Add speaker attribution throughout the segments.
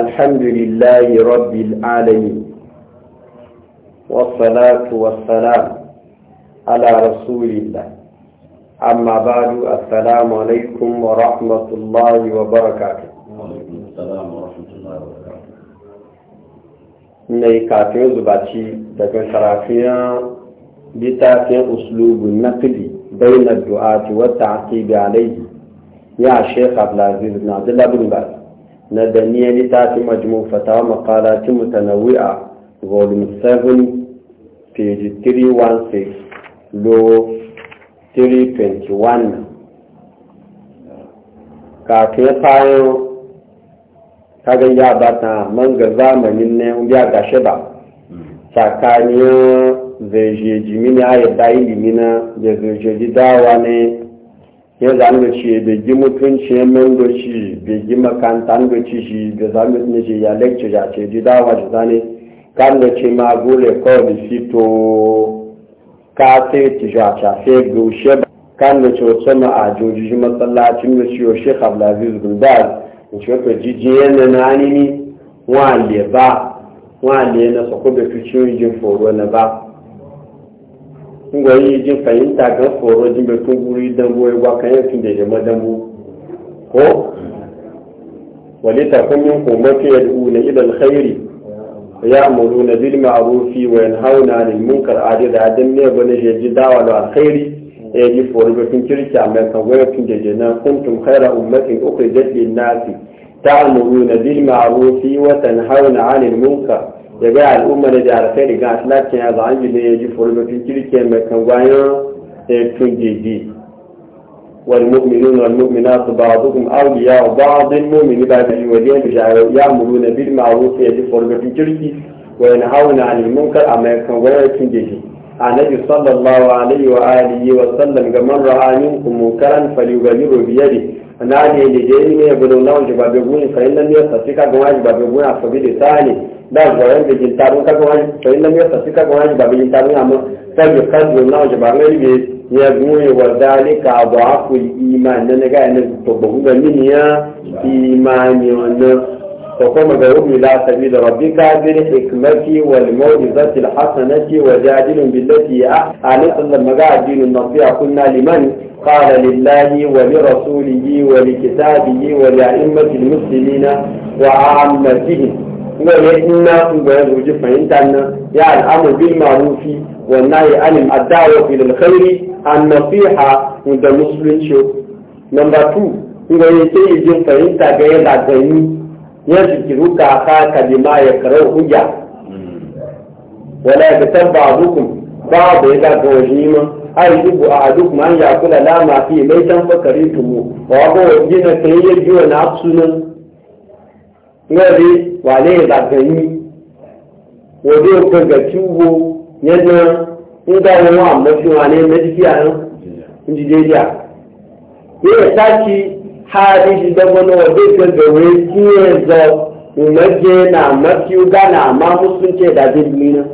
Speaker 1: الحمد لله رب العالمين والصلاة والسلام على رسول الله أما بعد السلام عليكم ورحمة الله وبركاته وعليكم السلام ورحمة الله وبركاته ني كاتين زباتي دكان شرافيا بتاتي أسلوب النقد بين الدعاة والتعقيب عليه يا شيخ عبد العزيز بن عبد الله بن باز na da niya littafin majmu fatawa makalacin mutanawwi'a volume 7 page 316 low 321 kafin fayan kagan ya bata man ga zamanin ne ya gashe ba tsakanin zai je jimini a yadda ilimi na da zai je dawa ne ya zanga ci begi mutunci ya mango ci gi makanta ngo ci shi da zanga ne shi ya lecture ya ce ji dawa ji zane kan da ce ma gole ko bi fito ka te ci ja cha fe go she kan da ce wata ma a joji shi masallacin da ciwo Sheikh Abdulaziz Gulbaz in ce ko jijiyen na nani ni wa le ba wa le na so ko be fi ciwo jin foro na ba ngoyi jin fahimta ga foro jin bai tun guri dambu ya waka yankin da jama dambu ko wale ta kun yin kumatu ya dubu na idan khairi ya amuru na bil ma'rufi wa yanhauna 'anil munkar adida adin ne bane ya ji dawa da alkhairi ya ji foro bai tun kirki amma kan goyi tun da jana kuntum khaira ummatin ukhrijat lin nasi ta'muruna bil ma'rufi wa tanhauna 'anil munkar ya ga al'umma da jihar kai daga atlatin ya za an yi ne ya ji furumakin kirke mai kan bayan ya tun jeji والمؤمنون والمؤمنات بعضهم أولياء بعض المؤمن بعد الوليين يأمرون بالمعروف يجفر بالجرد وينهون عن المنكر أما يكون ويكون جيجي النبي صلى الله عليه وآله وسلم من رأى منكم منكرا فليغيره بيده أنا عليه لجيني يقولون لهم جبابيبوني فإن لم يستطيع كما جبابيبوني فبلسانه ba zuwa da jintarun kaga wani to inda mai tafi kaga wani ba jintarun amma sai ya kazo na wajen ba mai ne ya goye wa zalika ba aku iman na ga ne to ba ga min ya imani wannan to kuma ga rubi la sabila rabbika bil hikmati wal mawizati al hasanati wa jadilun billati ahsanu sallam maga addinin nasiha kunna liman qala lillahi wa li rasulihi wa li kitabihi wa li a'immati al muslimina wa 'ammatihim wani ina kun ga yanzu ji fahimta na ya al'amu bil ma'rufi wannan ya alim addawa fi lil khairi an nasiha da musulunci number 2 ga yake jin fahimta ga yana gani ya zikiru ka ka kalima ya karau hujja wala ya tabba hukum da ya ga gawani ma ai dubu a duk man ya kula lama fi mai tan fakari tumu wa ga wajina yi ya na sunan lórí wàlẹ́ ìbàdàn yìí wòdó gbẹgbẹ tí wo yẹn náà ń dá wọn wọn àmọ́sí wọn ní mẹ́tíkì àná ìdílé yà yíyẹ sáàkì ha ìdí dọ́gbọ́n náà wòdó gbẹgbẹ wẹ́ tí yẹn zọ ìmọ̀jẹ́ náà mọ́tí ó gánà àmọ́ mùsùlùmí ìdájọ́ ìlú náà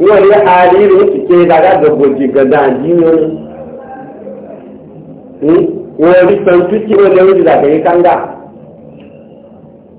Speaker 1: wọ́n yẹ ha ìrìn ó ti ṣe ìdájọ́ gbòdì gbẹ̀dàn àdínwó náà wọ́n rí sọ̀tún tí wọ́n lè rí ìdàgbẹ̀yìn kánga.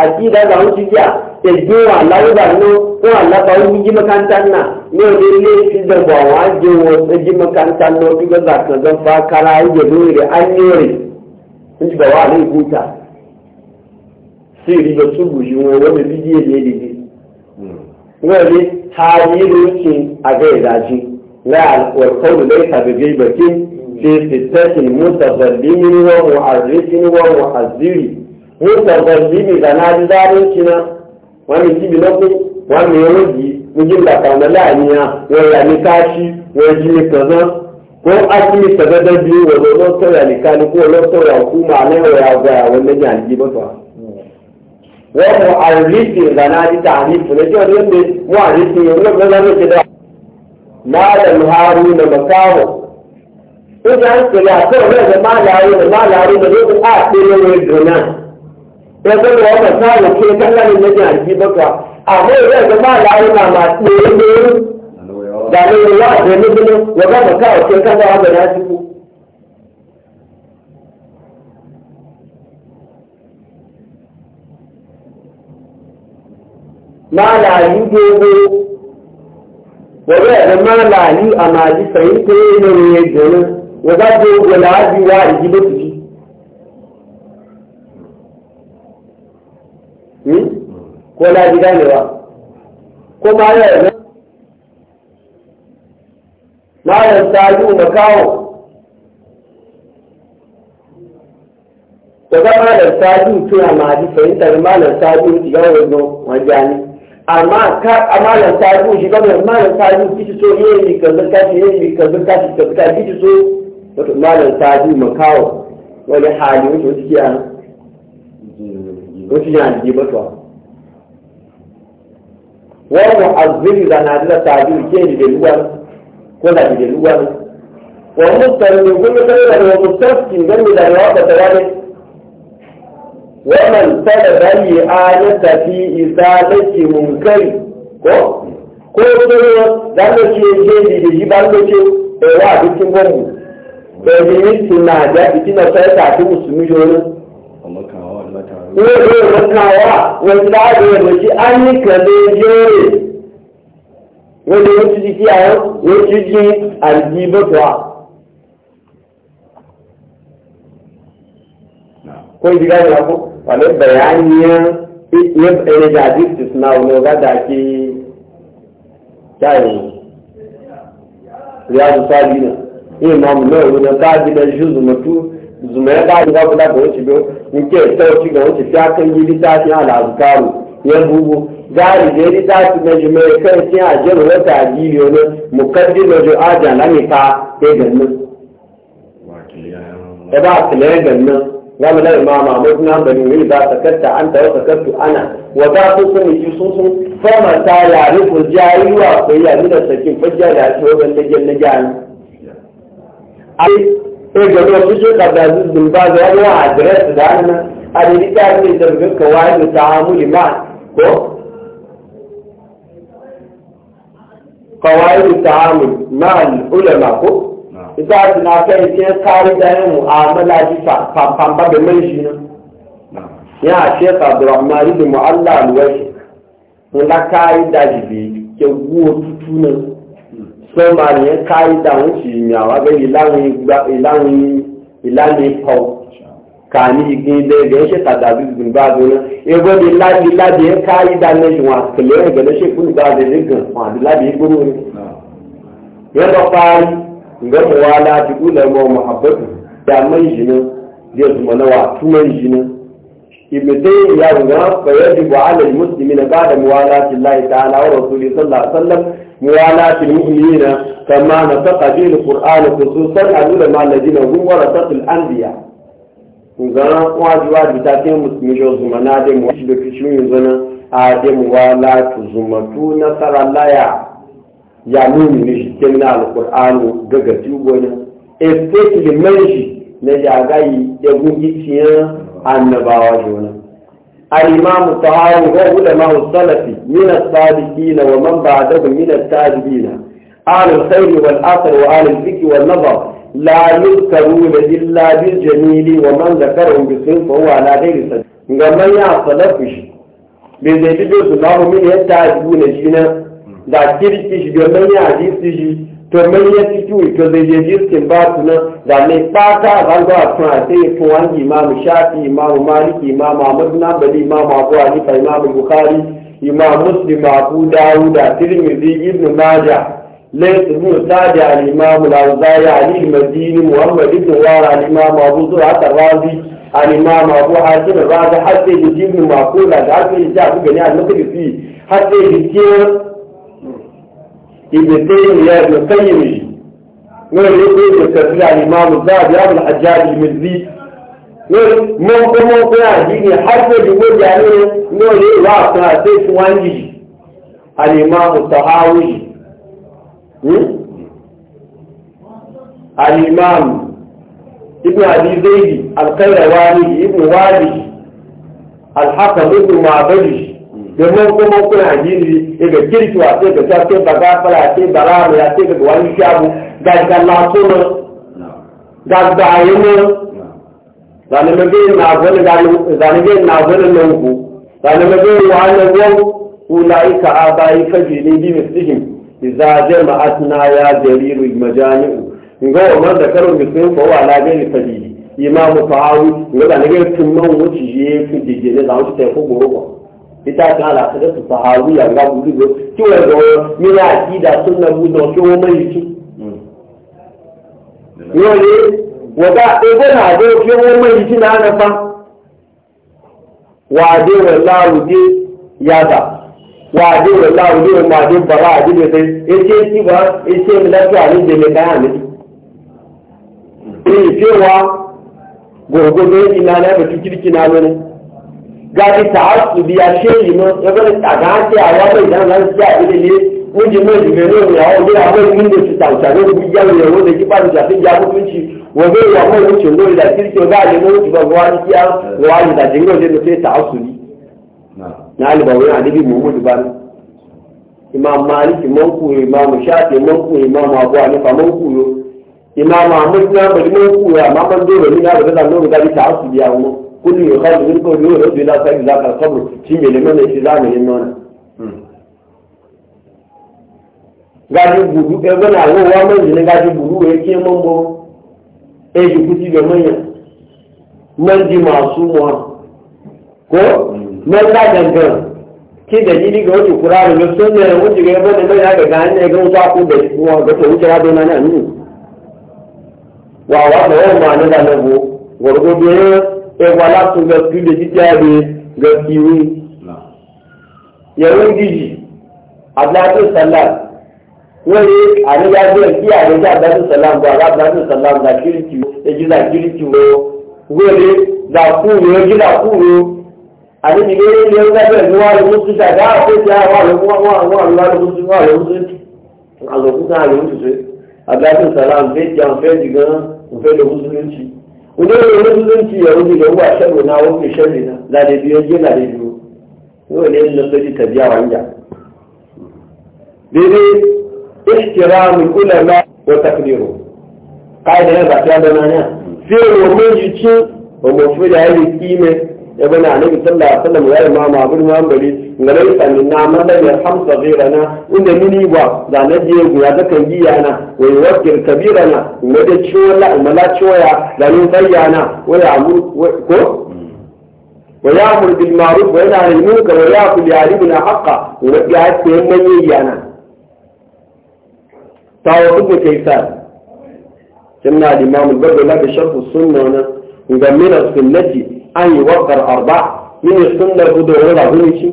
Speaker 1: àti ìdájọ́ àwọn ti jà ẹ̀gbẹ́ wọn aláwùdà náà wọn alábà ó yí jímọ̀káńtà náà ní òde ilé ìdẹ̀bọ̀ àwọn àjẹ wọn ṣe jímọ̀káńtà náà bí gbọ́dọ̀ àkàndọ́ fa kára ẹ̀jẹ̀ lórí rẹ̀ ányẹ́rì níbi bàbá àlẹ́ ìgbóta sí ìrìnà túbù yìí wọn wọ́n díẹ̀ ló ń ṣe ìdájí kí ṣe ṣe mú ní sọ̀rọ̀ bíbí ìdáná adídárí ń kina wọ́n mi síbi lọ́kùn wọ́n mi ń rògbì níbi bàtà ọ̀nà láàníyàn wọ́n yà ní káàṣì wọ́n jí ní kànáà ko asimi sɛbɛbɛ bi wɔ lɔ lɔ sɔrɔ ali kan ko lɔ sɔrɔ ku ma ne wɔ ya gba awɔ ne nya yi bɔtɔ wɔ mo arifi lana di ta ani fune tí o ní pe mo arifi yɛ wọ́n ti dá máa mu haru nà mọ̀ káwọ̀ ó ti à ń sèlè àtọ̀ lẹ́sẹ̀ máa lẹ̀ arú nà máa lẹ̀ arú nà ló ti á pé lórí ìdùnnà ya ga wa ka sa ya ke kalla ne ne ya ji baka amma ya ga ba lawo na ma ne ne da ne ya da ne ne wa ga ka ka ke kalla wa ga ji ku ma la yi dogo wa ga da ma la yi amali sai ko ne ne ya ga Hmm? ko na ji ganewa ko ma yana ma yana saju makawo da ga malar saju tuna ma ji fahimtar malar saju shiga wani wajani amma ka a malar saju shiga wani malar saju kici so yin mi ka kashi yin mi kazar kashi kazar kashi kici so wato malar saju kawo. wani hali wato suke wọ́n ti yàn àdìyẹ bọ́tọ̀ wọ́n mọ̀ àgbélé ìlànà àdìlá tààdì ìké ìdìdè lúwa ní kó là ìdìdè lúwa ní. wọ́n mú sọ̀rọ̀ ní gbogbo sọ́yìn rẹ̀ wọ́n mú sọ́ọ̀tì lẹ́nu ìlànà wọn bẹ̀tẹ̀ wálé. wọ́n mọ̀ sọ̀rọ̀ báyìí ayé tàbí ìsàlẹ̀kì mùnkẹ́rì kó kó sọ́yìn lálẹ́kì ìké ìdìdè yìí bá lókè ẹ̀wọ́ àbí tí wọ́n mú. bẹ̀rẹ̀ ní ti nà wọ́n mọ̀tàwá wọ́n ti láàbò ẹ̀rọ sí áníkẹ̀lẹ́ yóòrè wọ́n lè ti di kí àwọn wọ́n ti di àìjí bọ́tọ̀ à. kó ibi gáyìí wá fún wàlẹ́ bẹ̀rẹ̀ á yẹn ní ẹ̀rẹ́dà àdìsí náà ní ọ̀gá dà kí jáì rí àdùsá yìí náà ní ìmọ̀ ọ̀mù náà wọ́n ká bí lẹ́yìn ṣùgbọ́n tó zumaya ba da zaku da wani shigo nke tauci ga wani fiya kan yi littafin al'azkaru ya bugu gari da ya littafi na jimai kan cin ajiyar wata ajiyo ne mukaddin na jo ajiya na mita ya gannu ya ba a tilayen gannu gama na imama amur na bani wani za ta katta an ta wata kattu ana wata su sun yi sun sun fama ta yare ku jayi wa ku yi yami da sakin fajjar da ake wajen da gyan ìjọba ṣíṣe kàdàzí gbìmbáàzì wọn wọ́n àdírẹ́sì na fẹ́ ṣe ń kárí dáná mu àmàlájí pàmpàmbá bẹ mu allah tó máa yẹn ká ìdáhùn sí ìmì àwọn abẹ́ ìlànà ikọ̀ kà ní ìgbìn ilẹ̀ ẹgbẹ́ ṣe tàdàbí gbùngbà gbóná ẹgbẹ́ ni láti yẹn ká ìdáná ìwọ̀n àtìlẹ́ ẹgbẹ́ ṣe fún ìgbà àdéhùn gan fún àti láti gbóná rẹ̀. yẹn lọ parí ǹgbẹ́ mọ̀ wá láti kú lẹ́mọ̀ ọmọ àbẹ́kù bí a mọ̀ ìjìnà bí ẹ̀sùn mọ̀ náà wà túmọ̀ ìjìnà. ibùdó ìyàwó náà fẹ̀yẹ́ dìbò alẹ́ mùsùlùmí náà موالاة المؤمنين كما نطق به القرآن خصوصا عدود مع الذين هم ورثة الأنبياء نزانا واد واد بتاتين مسمجو زمنا دم وش بكشو نزانا آدم والا تزمتو نصر الله يا يا مؤمن نجتمنا القرآن وقغتو بنا افتك لمنجي نجا غاي يبو جيتيا النباوة جونا الإمام الطهاري علماء السلف من الصادقين ومن بعدهم من التابعين أهل الخير والأثر وأهل الفكر والنظر لا يذكرون إلا بالجميل ومن ذكرهم بالصنف فهو على غير سبيل من يعصلف شيء بذلك الله من يتعبون جينا ذا كيركش بمن يعجيب تجي to mai ya ci ciwo to zai je jirgin ba su nan da ne fata a zangawa tun a sai ya tuwa imamu shafi imamu maliki imamu ahmadu nambali imamu abu hanifa imamu bukhari imamu muslim abu dawuda tirmidhi ibn maja laysa ibn sadi al imamu al-awzai ali al-madini muhammad ibn wara al imamu abu zur'a ar-razi al imamu abu hasim ar-razi makula da hatta ibn gani al ابن تيمية ابن القيم نقول يقول تفسير الإمام الذهبي أبو الحجاج المزي نقول ممكن ممكن أجيني حتى يقول يعني نقول إيه واقع سيس وانجي الإمام الطهاوي الإمام ابن أبي زيد القيرواني ابن والي الحكم ابن معبدي da mako mako na jini ne ga kirki wa sai ga ta ce ba ga fara ce ba ra ya ce ga wani shabu ga ga lato ne ga ga yana zane ma ga na zane ga zane ga na zane nan ku zane ma ga wa na go ulaika abai fajili bi mislihim idza jama'atna ya jariru majani'u ngo ma da karo mislihim fa wa la ga fajili imamu fahawi ngo da ne ga tumman wuci je fi dige ne da wuci ta ko goro ita ta ala da su saharu ya ga bulu ne ki wa ga yana akida sunna bu da ki wa mai ki yo ne wa ga e ga na do ki wa mai ki na na fa wa de wa la u de ya da wa de wa la u de ma de bara de ne sai e ce ba e ce mi la ta ni de ne ka ni e ce wa gurgudu ina na ba ki kirki na ne gadi ta'assubi ya shehi no ya bari a wata idan ran ci a nye ne miji mai jime ya hawo gida mai min da ci tauta ne ku ya ya wanda ki bani ta ya mutunci wa zai ya mai da kirke ba ne no ki ba ruwa ni kiya ruwa ni da jingo ne da sai ta'assubi na ali ba wani adibi muhammad ba imam malik imam imam abu imam na bari man ya kullu yukhadu min qawli wa rabbi la ta'ala za ka qabr shi me ne mana shi zamanin nan gaji gudu ke gana wo wa man ne gaji gudu we ke man bo e ji kuti ga manya man ji masu mu ko man da gangan ki da jini ga wani kurari ne sun ne wuce ga yabo da mai ya ga gani ga wuta ko da kuma ga to wuce ra dona ne wa wa da wa ma ne da labo gurgudu Et voilà de láti lọ sí ilé jíjáde lọ sí ìwé yẹ̀wò dìjì abdulhadu salam Oui, wọ́n yé Qui a déjà abdulhadu salam bọ̀ àrà abdulhadu salam làkìrìtì èjì làkìrìtì wọ́ wọ́n yé làkúrò èjì làkúrò àdébí ilé ilé ọgbà bẹ́ẹ̀ ni wọ́n á lọ sí ṣàdá àpèjì àwọn àlọ́kùn àwọn àwọn àlọ́kùn sí wọ́n àlọ́kùn sí àlọ́kùn sí àlọ́kùn sí abdulhadu salam bẹ́ẹ̀ jẹun fẹ́ẹ́ jù gan-an òfẹ́ lọ́kùn sí lóṣù wani ne musulunci ya wuce da wa sharri na wani sharri na na da biyu je na da biyu yau ne na soji ta biya wanda daidai ihtiramu ulama wa takdiru kaida ya zakiya da nanya sai wa mun yi cin wa mu ابن علي صلى الله عليه وسلم يا امام ابو المنبري لك ان نعم الله يرحم لك ان لك أن مني با دانا جي غيا دك جيانا ويوكر كبيرنا مد تشولا الملا تشويا لانو بيانا ويا مو كو ويا امر بالمعروف ويا نهي عن المنكر ويا كل يعلم من لك أن حتي من يانا تاو ابن كيسان سمع الامام البدر لا بشرط السنه هنا من السنه أن يوفر أربعة من السنة بدور رغمشي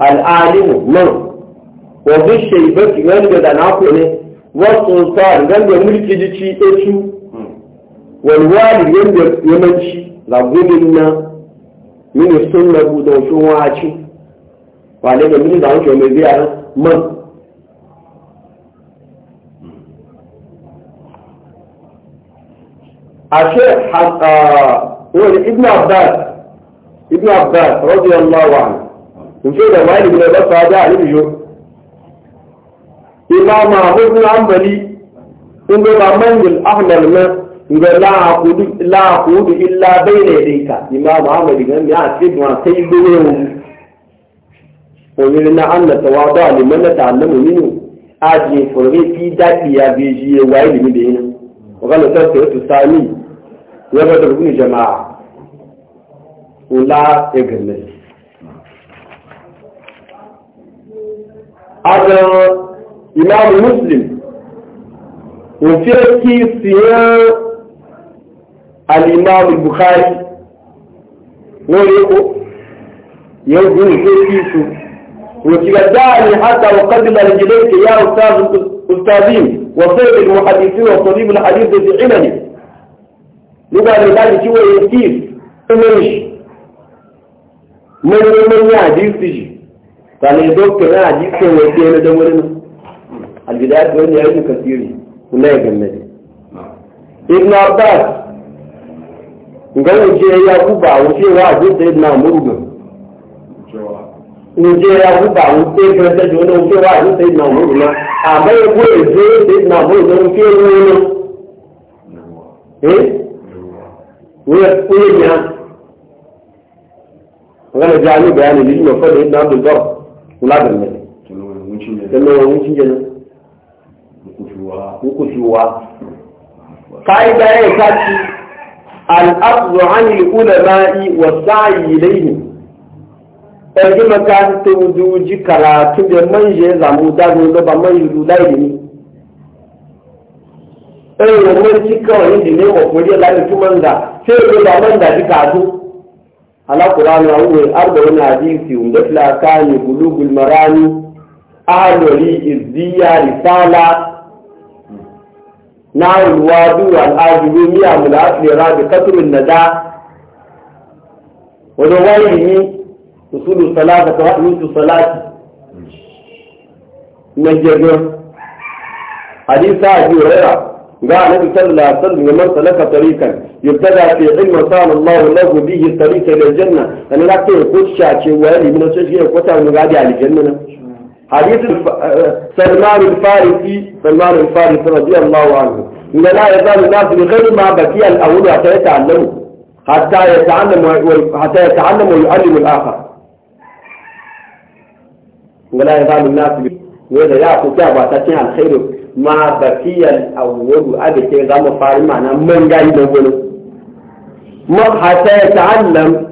Speaker 1: العالم من وفي الشيبة غنجة دناقل والسلطان غنجة ملك جيشي إيشو والوالد غنجة يمنشي رغمنا من السنة بدور شواشي وعليك من دعوة يومي من أشيء حقا آه، هو ابن عباس ابن عباس رضي الله عنه وفي رواية من عباس هذا عليه بجو إمام أحمد بن حنبلي إن من الأحمر ما لا أقود لا أقود إلا بين يديك إمام أحمد قال يا سيد ما سيدنا ومننا أن نتواضع لمن نتعلم منه أجي فرغي في ذاتي يا بيجي وعيد مدينة وقال له ترى الثاني يبدرون جماعة ولا إجمل هذا إمام مسلم وفي سير الإمام البخاري ويقول يقول في كيسه وتجدعني حتى وقدم رجليك يا أستاذ أستاذين وصيب المحدثين وصليب الحديث في علمي nígbà tó dájú tí wọ́n yẹ kíìs tó mẹ́rin mẹ́rin àdíìsì jì tàbí dókítà àdíìsì wọ́n ti ẹni dánwọ́rẹ́ nù àlùdá tó ń yẹ ẹni kàfíìrì kúnlẹ̀ ẹ̀gẹ̀mẹ̀ ibn abbas nǹkan ló ẹyà kúbà àwọn tí wọ́n àdíìsì ibn amúrùgbọ̀n ya jẹ ẹyà kúbà àwọn tí wọ́n tẹ́jú wọn tí wọ́n àdíìsì ibn amúrùgbọ̀n àmọ́ ẹgbẹ́ na ibn ويقول لها وقال جاءني بيان اللي هو فضل ابن عبد البر ولا بالمال تنوى وين جنة وكشوا قاعدة هي كاتي الأخذ عن العلماء والسعي إليهم ɗauki makarantar doji karatu da manje zamu dago gaba mai lula ilimi ɗaya wannan ci kawai da ne wa kuri la da tuman da sai da ba man da ji kazu ala qur'ani wa huwa arba'un hadisi wa dafla kani bulugul marani ahlori izziya risala na ruwadu wal ajibi miya mulafli rabi katrun nada wani wani ni usulu salata ta hadisi salati na jirgin hadisa abi hurairah قال النبي صلى الله عليه وسلم لمن سلك طريقا يبتدع في علم صار الله له به الطريق الى الجنه انا لا تقول شاشه وهذه من الشيء يقطع المغادي على الجنه حديث سلمان الفارسي سلمان الفارسي رضي الله عنه إن لا يزال الناس بغير ما بكي الأول حتى يتعلموا حتى يتعلم حتى يتعلم ويعلم الآخر ولا يزال الناس ما بكي وإذا حتى كعبة تتنع الآخر ما بقي الأول أبي كي غام فارم أنا من جاي نقول ما حتى يتعلم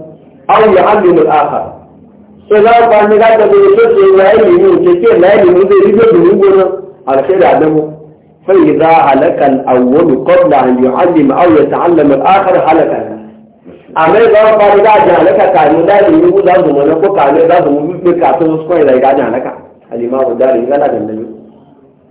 Speaker 1: أو يعلم الآخر إذا قام نجاة بيشوف لا يلي من كتير لا يلي من ذي ذي ذي نقول على خير علمه فإذا هلك الأول قبل أن يعلم أو يتعلم الآخر هلك أما إذا قام نجاة هلك كان مدار يقول ذا زمان كان مدار زمان يقول كاتو مسكين لا يجاني هلك الإمام مدار يقول هذا من يقول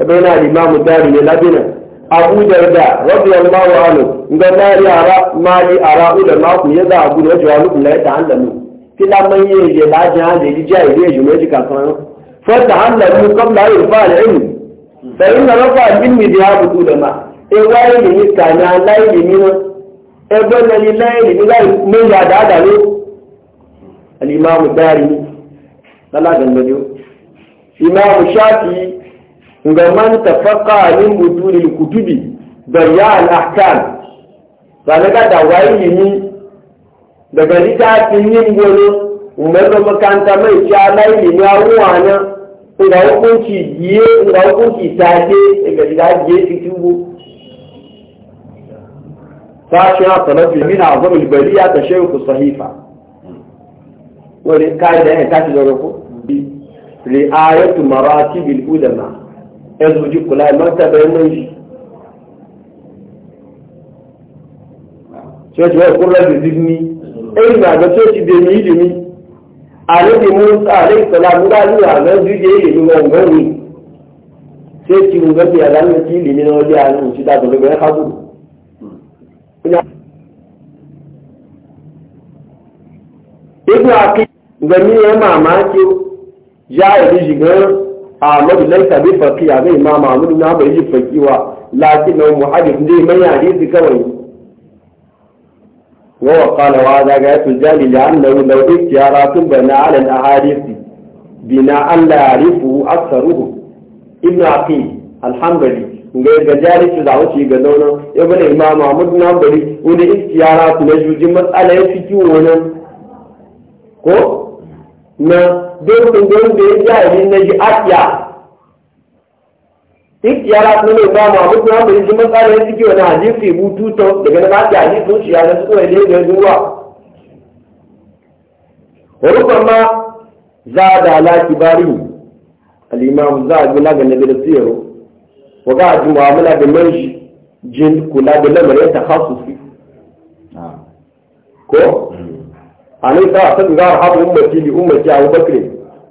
Speaker 1: ẹgbẹ́ náà lè máa mú dáàrí ní lábẹ́nà abu darda rabi allahu anu nga mari ara mari ara ula ma ku yada abu da jawa lu la ta handalu kila man ye ye la ja de ji ja ye ju me ji ka kan fa ta handalu qabla irfa al ilm fa inna rafa dari lala gandajo imam shafi ga man tafaqqa min butuni kutubi bayya al ahkam zane ga da wayi ni daga litafin yin golo umar da makanta mai cha lai ni awuwa na ga hukunci biye ga hukunci tace ga da biye fitubu fashiya salafi min azam al bariya ta shaykhu sahifa wani kai da ya tashi da roko ri'ayatu maratib al ulama ẹ̀rùjì kò láì má tẹ̀lé ẹ̀ o Ṣọ́ọ̀ṣì wọ́n kúrò láti dídí ní ẹ̀yìn náà lọ ṣọ́ọ̀ṣì dè mí ìdí mi. Àlejò mú àlejò sọ̀lá mú láti rà lọ dídí èyí mi wọ̀ ǹgọ́ mi. Ṣọ́ọ̀ṣì mú gẹ́gẹ́ yàrá mi kí ìlú mi náà dé àárín òṣì dàgbọ̀ lọ́gbẹ̀ ẹ̀ kábù. Ibu àkíyèsí gbẹ̀mí ẹ̀ máa máa ń kí yá ìdí ṣùgbọ́n ahmad laisa bi faqi ya zai imam ahmad na bai yi faqi wa lakin na muhaddith ne mai hadisi kawai wa qala wa da ga tu jali da annahu law ikhtiyaratu bana ala al ahadith bina an la yarifu aktharuhu ibn aqil alhamdulillah ngai ga jari su da wuce ga daunan ya bane imam ahmad na bari wani ikhtiyaratu na jujin matsala ya fi kiwo nan ko na dokin don da ya jari na ji akiya ikiyara kuma ne ba mu abu kuma bai ji ya ciki wani hadisi bututo daga na yi hadisi zuciya na su kawai da ya zuwa rukun ma za da alaki bari al'imam za a gina ga nabi da siyaro wa ga a jima amina da manji jin kula da lamarin ta su ko عليه الصلاة والسلام قال حظ أمتي لأمتي أبو بكر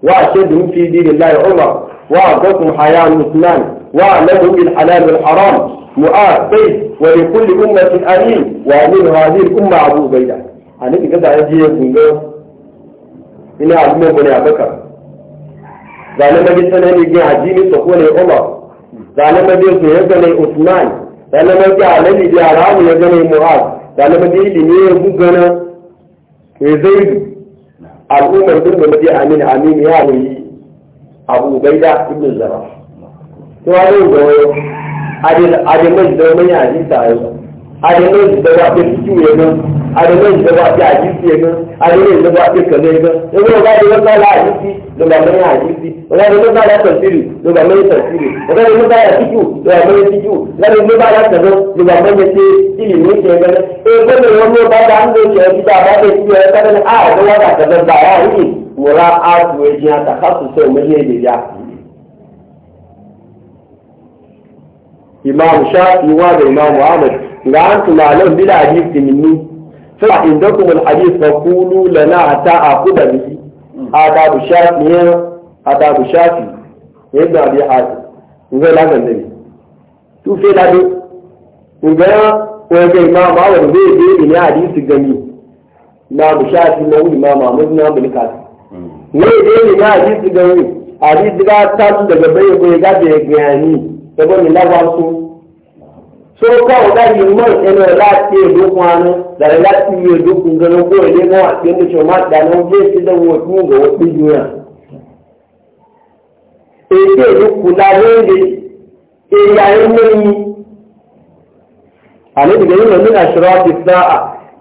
Speaker 1: وأشدهم في دين الله عمر وأعطاكم حياة عثمان وأعلموا بالحلال والحرام مؤاخ بيت ولكل أمة أمين وأمين هذه الأمة أبو بيدة عليك قد أجي يقول له إن أعلمه بني أبو بكر قال لما جئت أنا يجي عجيني تقول يا عمر قال لما جئت يجي عثمان قال لما جئت علي بأرام يجي مؤاخ قال لما جئت لي يجي zaidu al'ummar duk da mace amin amin ya wuyi abu gaida ibn zara to a yau da wayo adil adil mai da mai hadisa yau adil mai da adolo ìjọba àti àdìsí ẹgbẹ adolo ìjọba àti kẹlẹ ẹgbẹ ewu ọba adolo sára àdìsí lọba mẹyìn àdìsí ọba adolo sára tẹsílì lọba mẹyìn tẹsílì ọba adolo sára títù lọba mẹyìn títù lọba adolo sára tẹlẹ lọba mẹyìn tẹ tìlì ní ìṣe ẹgbẹ ẹgbẹ mi wọn ní ọba bá ń lò ní ẹbí tá a bá tẹ sí ẹ sábẹ ní a ọdún wọn àtẹlẹ bá a yìí wọlá a tù ẹjì àtàkàtúnṣe òmẹyìn èdè yá. imam shafi wa da imam ahmad ga an tunanin bila hadisi minni fa indakum alhadith fa qulu lana ata aquda bi adabu shafi adabu shafi yadda bi hadi ngo la ga ne tu fe la do ngo ko ga imam ba wa be be ni hadisi gani na bu shafi na imam Ahmad na bin Kasim ne be ni hadisi gani hadisi ga ta daga bai bai ga da gani saboda lawa su soka oga yimma ene lati a dara lati edukun gano ko ele ko atende choma dano je sida wo tunga wo tujuya ete edukula rende e ya yimmi ale diga yimma min ashrati sa'a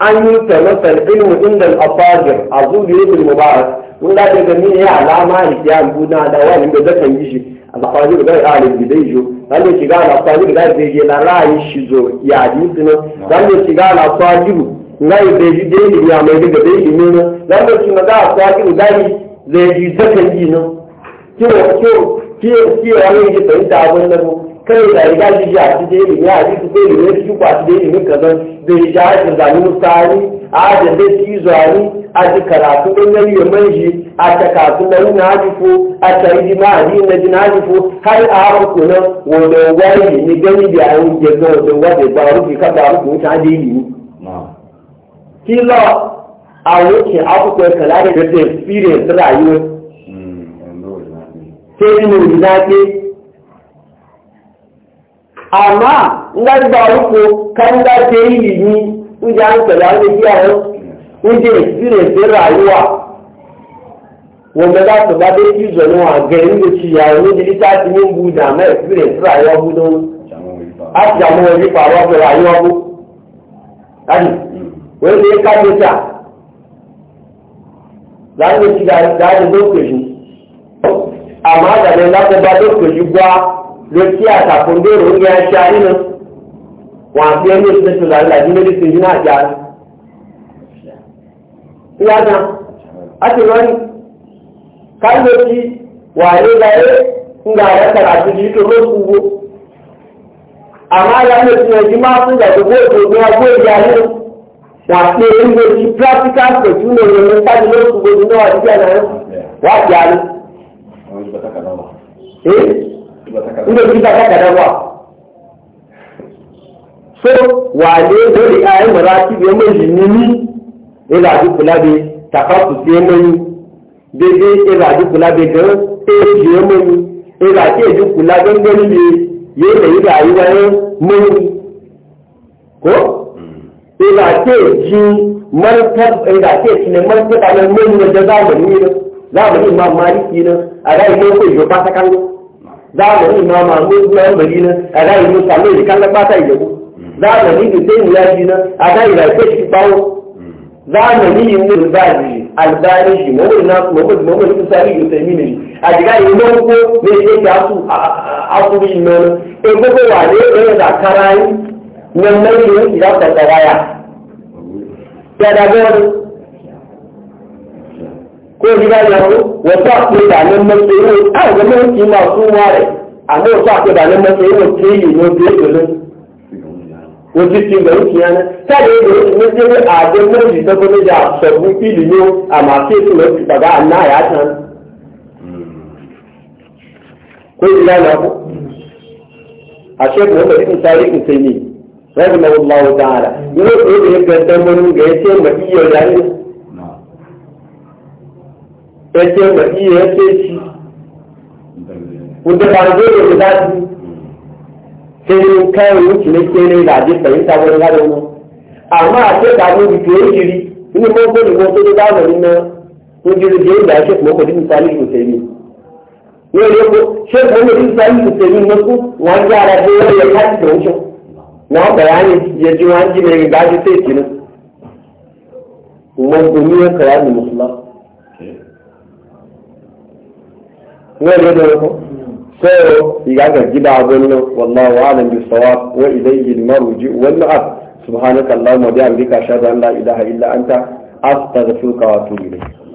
Speaker 1: an yi tanasa ilmu inda al-afajir azuri mubarak daga ya e alama ya e buna da wani da zakan yi shi zanda shiga ala sajiru da zai je na ra'ayi shi zo ya shiga ala sajiru ngai zai ji dai ni ya mai daga dai ni na zanda shiga ala sajiru dai zai ji zakan ji na kiwo kiwo kiwo kiwo wani ji fahimta abin nan kai da riga ji ji a ji ni ya hadisi dai ni ne shi kwa dai ni kaza zai ji a ji zani mutane a da da ci zuwani a ji karatu don yari ya manji a ta kasu da wani hajifo a ta yi jima a ji na jina hajifo har a hawa kuna wanda wani ne gani da yawon gina wanda wanda ba rufe ka ba rufe wuce hajji yi kila a wuce akwai kala da ta experience rayuwa sai ne wuri na ke amma ngan ba rufe kan da ke yi ni oúnjẹ à ń tẹ̀lé àwọn ẹbí àwọn oúnjẹ ìsírèsí ràyíwá wọn bẹ bá tọ̀ bá dé kí ìjọ ní wọn àgẹ̀ nílé ti yà wọn oúnjẹ níta ti ní bu ìdààmú ìsírèsí ràyíwá bú lọ́wọ́ àti àwọn ẹbí pàrọ̀ ọ̀fẹ́ ràyíwá bú láti wọ́n lè kájọ́tà láti ti dáadé lókèjú àmọ́ àgbàdo láti bá lókèjú gbá lókè àtàkùn lóòrò oúnjẹ ẹṣẹ́ àrínú wọn àti ẹni oṣù tẹ̀sán làrí làjí méjì tèmi náà jà ní. ìyá náà a ti rán ní káyọ̀tì wà níláyé ńgbà rẹ̀ kàràtì ní tó ló kú wo. àmọ́ ayá ní oṣù ẹ̀jí máa fún ìdàgbàgbọ́ ètò ní ọgbọ́ ìyá ní wà pé ẹni oṣù practical pẹ̀tù ní ọ̀rọ̀ ní sáàdì ló kú gbogbo náà àti ìyá náà wà jà ní. ìgbà tí so wale dole a yi marati da mai jinini ila ji kula da tafasu sai mai daidai ila ji kula da ga eji mai ila ke ji kula da gani ne ya da yi da yi wani mai ko ila ke ji martaba ila ke ji ne martaba na mai da zamani ne zamani imam maliki ne a rai mai ko yoba ta kango zamani imam mahmud na madina a rai mai salo da kallon ba ta yi yabo zamani da sai ya ji nan a da ira ke shi bawo zamani ne mu rubaji albani shi mu na mu mu mu mu sai yi sai mini a diga yi mu ko ne ke ta su a ku yi nan e ko ko wa ne ne da karai nan nan ne ya ta tsaya ya da gori ko diga ya mu wa ta ku da nan mun sai a ga mun ki ma su ware amma ta ku ojú ti ń bẹ̀rù kìíyàn náà sáyẹn ìlú ní jẹ́rẹ́ àjọ méjì tọ́kọ́lẹ́jà sọ̀bù ìlú yóò àmàfi ètò lọ sí bàbá àná àyà tán. kó ìlú náà lọ fún àṣẹ́kù ọ̀bẹ nínú sáré kùsẹ̀ yìí rẹ́bù náà wọ́n máa dá ara yóò tó lè gbẹ̀dẹ̀ mọ́nú gẹ̀ẹ́sẹ̀ mọ̀ iye ọ̀yà yìí. ẹ̀sẹ̀ mọ̀ iye ẹ̀sẹ̀ sí sai kayan wuce ne ke ne da ajiyar fahimta wani gado mu amma a ce ka ne bito ya jiri ni ko ko ni ko to da zamani na ko jiri je da shi ko ko din misali ko sai ni ne ne ko shi ko ne din misali ko sai ni na ku wani yara da ya ya kaci da wuce na bayani ya ji wani ji ne ga shi sai kinu mun gumi ya kara ni musulma ne so yaga gida gonno wallahu a'lam bis-sawab wa ilayhi al-marji wal ma'ab subhanaka allahumma wa bihamdika ashhadu an la ilaha illa anta astaghfiruka wa atubu ilayk